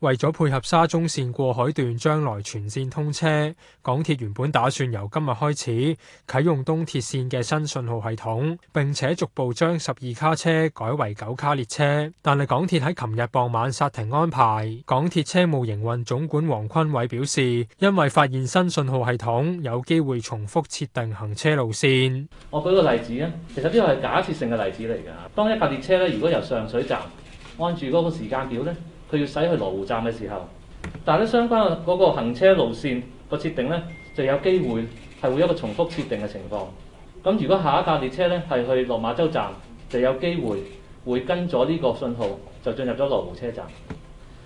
為咗配合沙中綫過海段將來全綫通車，港鐵原本打算由今日開始啟用東鐵綫嘅新信號系統，並且逐步將十二卡車改為九卡列車。但係港鐵喺琴日傍晚煞停安排。港鐵車務營運總管黃坤偉表示，因為發現新信號系統有機會重複設定行車路線。我舉個例子啊，其實呢個係假設性嘅例子嚟㗎。當一架列車咧，如果由上水站按住嗰個時間表咧。佢要駛去羅湖站嘅時候，但係咧相關嘅嗰個行車路線個設定呢，就有機會係會有一個重複設定嘅情況。咁如果下一架列車呢係去落馬洲站，就有機會會跟咗呢個信號就進入咗羅湖車站。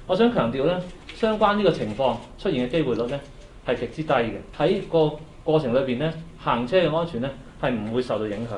我想強調呢相關呢個情況出現嘅機會率呢係極之低嘅。喺個過程裏邊呢，行車嘅安全呢，係唔會受到影響。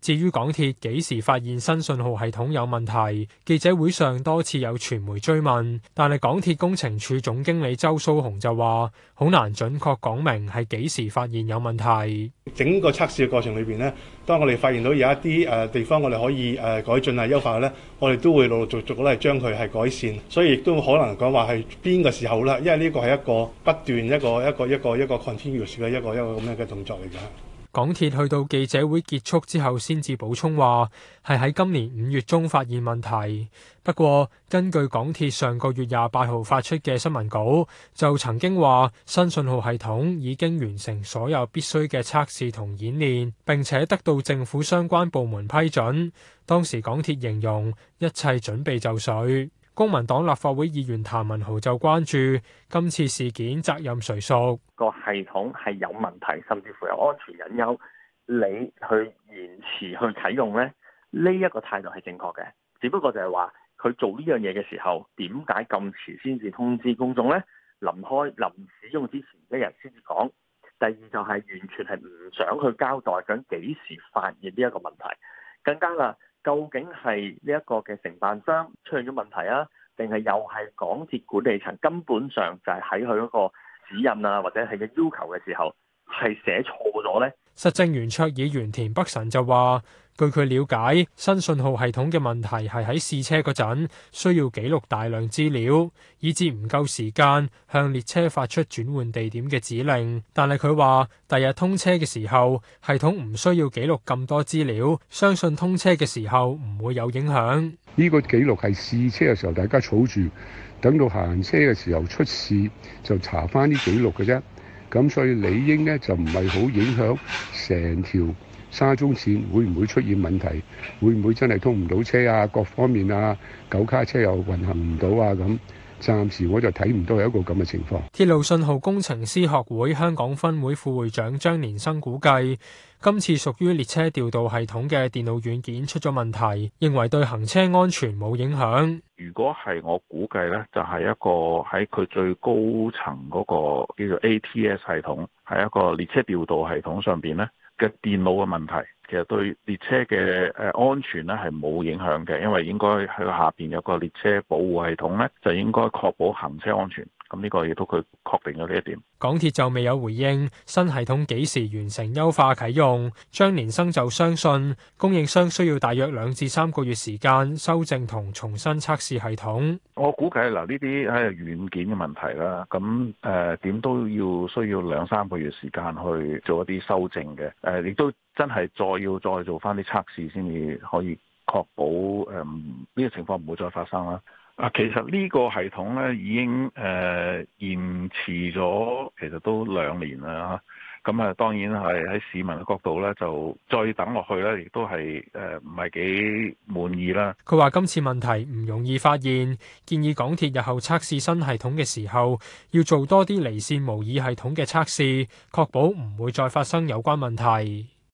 至於港鐵幾時發現新信號系統有問題，記者會上多次有傳媒追問，但係港鐵工程處總經理周蘇紅就話：好難準確講明係幾時發現有問題。整個測試嘅過程裏邊呢，當我哋發現到有一啲誒地方我，我哋可以誒改進啊、優化呢我哋都會陸陸續續咧將佢係改善。所以亦都可能講話係邊個時候啦？因為呢個係一個不斷一個一個一個一個,一個 continuous 嘅一個一個咁樣嘅動作嚟㗎。港鐵去到記者會結束之後，先至補充話係喺今年五月中發現問題。不過，根據港鐵上個月廿八號發出嘅新聞稿，就曾經話新信號系統已經完成所有必須嘅測試同演練，並且得到政府相關部門批准。當時港鐵形容一切準備就緒。公民黨立法會議員譚文豪就關注今次事件責任誰屬？個系統係有問題，甚至乎有安全隱憂。你去延遲去啟用咧，呢一個態度係正確嘅。只不過就係話佢做呢樣嘢嘅時候，點解咁遲先至通知公眾咧？臨開臨使用之前一日先至講。第二就係完全係唔想去交代，想幾時發現呢一個問題，更加啦！究竟係呢一個嘅承辦商出現咗問題啊，定係又係港鐵管理層根本上就係喺佢嗰個指引啊，或者係佢嘅要求嘅時候係寫錯咗呢？實政圓桌議員田北辰就話，據佢了解，新信號系統嘅問題係喺試車嗰陣需要記錄大量資料，以至唔夠時間向列車發出轉換地點嘅指令。但係佢話，第日通車嘅時候，系統唔需要記錄咁多資料，相信通車嘅時候唔會有影響。呢個記錄係試車嘅時候，大家儲住，等到行車嘅時候出事就查翻啲記錄嘅啫。咁所以理應咧就唔係好影響，成條沙中線會唔會出現問題？會唔會真係通唔到車啊？各方面啊，九卡車又運行唔到啊咁。暫時我就睇唔到有一個咁嘅情況。鐵路信號工程師學會香港分會副會長張連生估計，今次屬於列車調度系統嘅電腦軟件出咗問題，認為對行車安全冇影響。如果係我估計呢就係一個喺佢最高層嗰個叫做 ATS 系統，係一個列車調度系統上邊呢嘅電腦嘅問題。其實對列車嘅，誒安全咧係冇影響嘅，因為應該喺下邊有個列車保護系統咧，就應該確保行車安全。咁呢個亦都佢確定咗呢一點。港鐵就未有回應，新系統幾時完成優化啟用？張連生就相信供應商需要大約兩至三個月時間修正同重新測試系統。我估計嗱呢啲喺軟件嘅問題啦，咁誒點都要需要兩三個月時間去做一啲修正嘅。誒亦都真係再。要再做翻啲測試先至可以確保誒呢個情況唔會再發生啦。啊，其實呢個系統咧已經誒延遲咗，其實都兩年啦。咁啊，當然係喺市民嘅角度咧，就再等落去咧，亦都係誒唔係幾滿意啦。佢話今次問題唔容易發現，建議港鐵日後測試新系統嘅時候，要做多啲離線模擬系統嘅測試，確保唔會再發生有關問題。